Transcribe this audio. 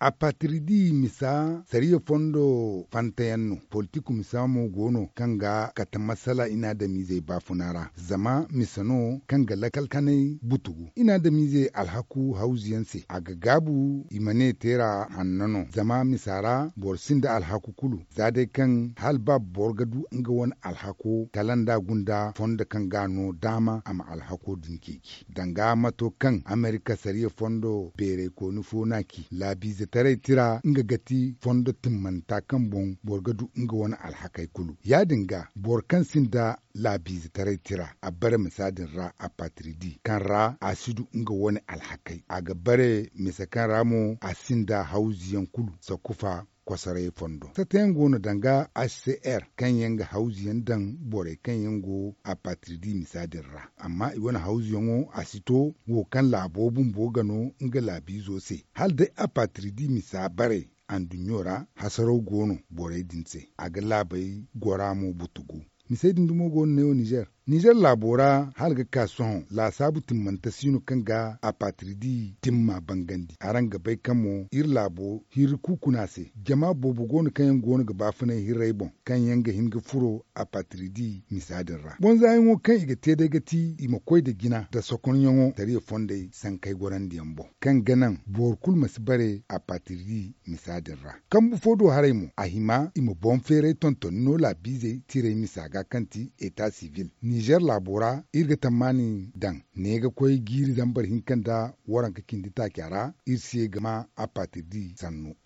a patridi misa sariya fondo fantayanno politiku mo gono kanga kata masala ina da mize bafunara zama misano kanga lakal kanai butugu ina da mize alhaku hauziyanse a gagabu imane tera annano zama misara borsin da alhaku kulu zade kan halba borgadu nga wani alhako talanda gunda fonda kan gano dama ama alhaku dinkiki danga mato kan amerika sariya fondo bere ko naki labize tare tira nga gati fondo timmanta kan bon borgadu nga wani alhakai kulu ya dinga borkan sinda labizi tare tira a bare misadin ra a patridi kan ra a sidu nga wani alhakai a ga bare misakan ramu a sinda hauziyan kulu sakufa kwasarai fondo ta tengo na danga hcr kan yanga hauzi yandan bore kan yango a patridi misadin ra amma iwan hauzi yango asito wo kan labobin bogano nga labi zose hal dai a patridi misa bare an dunyora hasarau gono bore dinse a ga labai goramo butugu misaidin dumo gono ne niger Nijar labora halga kasuwan la sabu timmanta sinu kanga a patridi timma bangandi aran gabai kamo ir labo hir kukuna se jama bobo gonu kan gonu gaba funa hir raibon kan yanga hinga furo a patridi misadin ra. Bon zayin wo kan iga te daga ti ima da gina da sokon yango tare fonde san kai goran diyambo. Kan ganan bor kul bare a patridi misadin ra. Kan bu fodo harai mu a hima ima bon fere tonton no la bize tire misaga kanti eta civil. Ni niger labora irga tamani dan ne ga koy giri zambar hinkanda da waran kakin dita kyara irse gama a patidi sannu